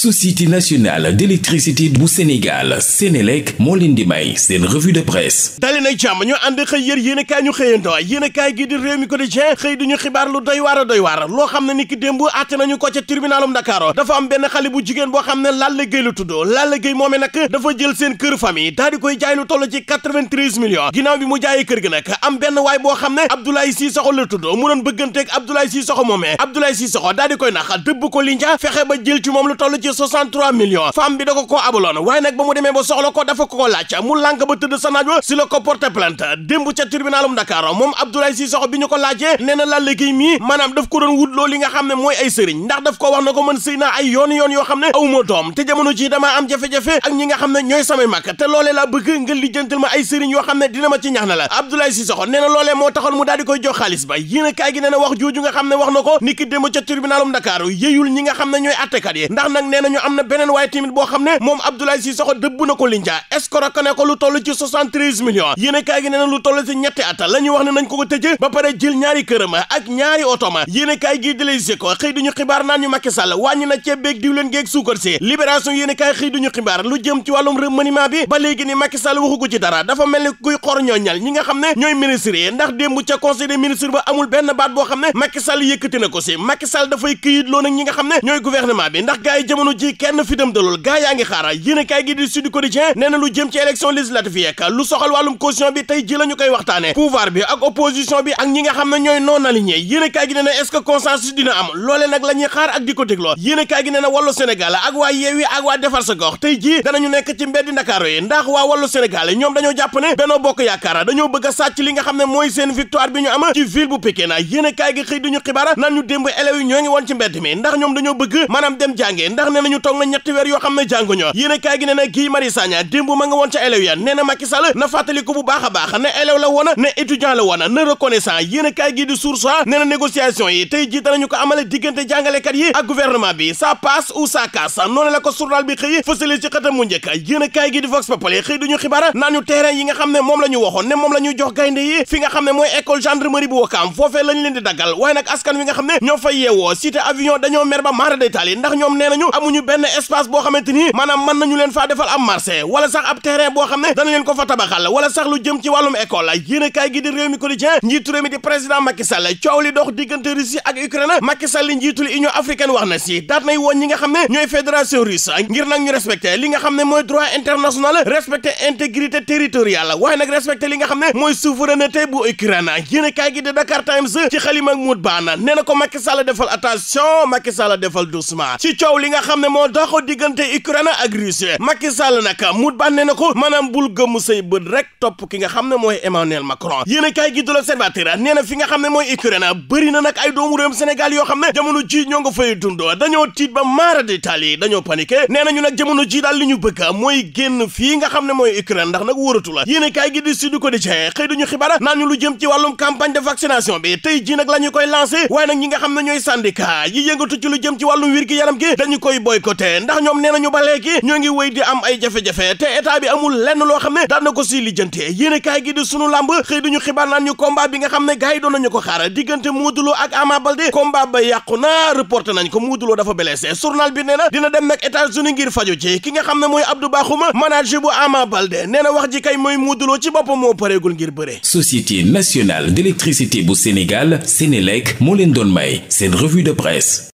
société nationale d'électricité bu Sénégal Sénélec moo leen di may seen revue de presse dali nag jàmm ñu ànd xëy yër yéen a kaay ñu xëyandoo yéen a kaay gi di réew mi quotidien xëy di ñu xibaar lu doy waar a doy waar loo xam ne ni ki démb àtte nañu ko ca tribunalum Dakar dafa am benn xale bu jigéen boo xam ne Lalla Gueye la tudd Lalla Gueye moomee nag dafa jël seen kër famille daal di koy jaay lu toll ci 93 millions ginnaaw bi mu jaayee kër gi nag am benn waay boo xam ne Abdoulaye Sissoko la tudd mu doon bëgganteeg daal di koy nax ko linja fexe ba moom lu toll ci ci 63 millions femme bi da ko koo abaloon waaye nag ba mu demee ba soxla ko dafa ko laaj mu lànk ba tëdd sa naaj wa si la ko porter plainte démb ca tribunalum Dakar moom Abdoulaye Cissokho bi ñu ko laajee nee na Lalla Gueye mii maanaam daf ko doon wut loolu li nga xam ne mooy ay sëriñ ndax daf ko wax na ko mën sëy naa ay yoon yoon yoo xam ne awuma doom te jamono ji dama am jafe-jafe ak ñi nga xam ne ñooy samay màkk te loolee laa bëgg nga lijjantal ma ay sëriñ yoo xam ne dina ma ci ñax na la Abdoulaye Cissokho nee na loolee moo taxoon mu daal di koy jox xaalis ba yéen kaay gi nee na nga xam ne wax na ko niki démb ca tribunalum Dakar yéyul ñi nga xam ne ñooy yi ndax nee nañu am na beneen waaye tamit boo xam ne moom Abdoulaye Cissokho dëbb na ko linja escroqué ko lu toll ci 73 millions yéene kaay gi nee lu toll ci ñetti at la ñuy wax ne nañ ko ko tëj ba pare jël ñaari këram ak ñaari otoma yéene kaay gi na ceeb beeg diwleen geeg suukar si libération yéene kaay xëy duñu xibaar lu jëm ci wàllum remaniement bi ba léegi ni Macky Sall waxu ko ci dara dafa mel ni kuy xor ñooñal ñi nga xam ne ñooy ministres yi ndax démb ca conseil des ministres ba amul ne Macky Sall yëkkati na ko si Macky Sall ne ñooy gouvernement bi ndax gaay jamono jamono ji kenn fi dem gaa yaa ngi xaara yéen gi di Sud Quotidien nee na lu jëm ci élection législative yeek lu soxal wàllum caution bi tey ji la koy waxtaane pouvoir bi ak opposition bi ak ñi nga xam ne ñooy non aligné yéen kaay gi nee na est-ce dina am loole nag la xaar ak di ko dégloo gi nee na wàllu Sénégal ak waa Yewwi ak waa Defar sa Gox tey ji danañu nekk ci mbeddi Ndakaaru yi ndax waa wàllu Sénégal ñoom dañoo ne nañu toog na ñetti weer yoo xam ne jànguñu yéen gi ne na Guy Marius démb ma nga woon ca élèves ya nee na Macky na fàttali bu baax a ne élève la woon ne étudiant la woon ne reconnaissant yéen gi di source nee na négociation yi tey jii danañu ko amale diggante jàngalekat yi ak gouvernement bi ça passe ou ça casse noonu la ko bi xëyi fësale ci xëtam mu njëkk yéen gi di Vox Populi xëy duñu xibaar naan ñu terrain amuñu benn espace boo xamante ni a kaay gi wax na si daat nay woon ñi nga xam ne ñooy fédération russe ngir nag ñu respecté li nga xam ne mooy droit international respecté intégrité territoriale waaye nag respecté li nga xam ne mooy souveraineté bu Ukraine yéen a kaay gi di Dakar Times ci xalima ak Mout Baana nee ko Macky Sall defal attention Macky Sall defal doucement ci coow li nga xam ne moo dox diggante Ukraine ak Russie Macky Sall nag mu bànnee na ko maanaam bul gëmm say bët rek topp ki nga xam ne mooy Emmanuel Macron yéen a kaay gi du l'Observateur nee fi nga xam ne mooy Ukraine bëri na nag ay doomu réewum Sénégal yoo xam ne jamono ji ñoo nga fay dund dañoo tiit ba maara di taali dañoo paniqué nee nañu nag jamono ji daal li ñu bëgg mooy génn fii nga xam ne mooy Ukraine ndax nag wóoratu la yéen a kaay gi di Sud Quotidien xëy duñu xibaar ñu lu jëm ci wàllum campagne de vaccination bi tey ji nag la ñu koy lancé waaye nag ñi nga xam ne ñooy syndicat yi ci lu jëm ci wàllum wér gi yaram gi dañu koy boycotté ndax ñoom nee nañu ba léegi ñoo ngi wéy di am ay jafe-jafe te état bi amul lenn loo xam ne daan na ko si lijjante yéene kaay gi di sunu làmb xëy duñu xibaar naan ñu combat bi nga xam ne gars yi doon nañu ko xaar diggante Modou ak Ama Baldé combat ba yàqu na reporté nañ ko Modou Lo dafa blessé journal bi nee na dina dem nag États-Unis ngir faju ci ki nga xam ne mooy Abdou Bakhoum manager bu Ama Baldé nee na wax ji kay mooy Modou Lo ci boppam moo pareegul ngir bëre Société nationale d'électricité bu Sénégal Sénélec moo leen doon may seen revue de presse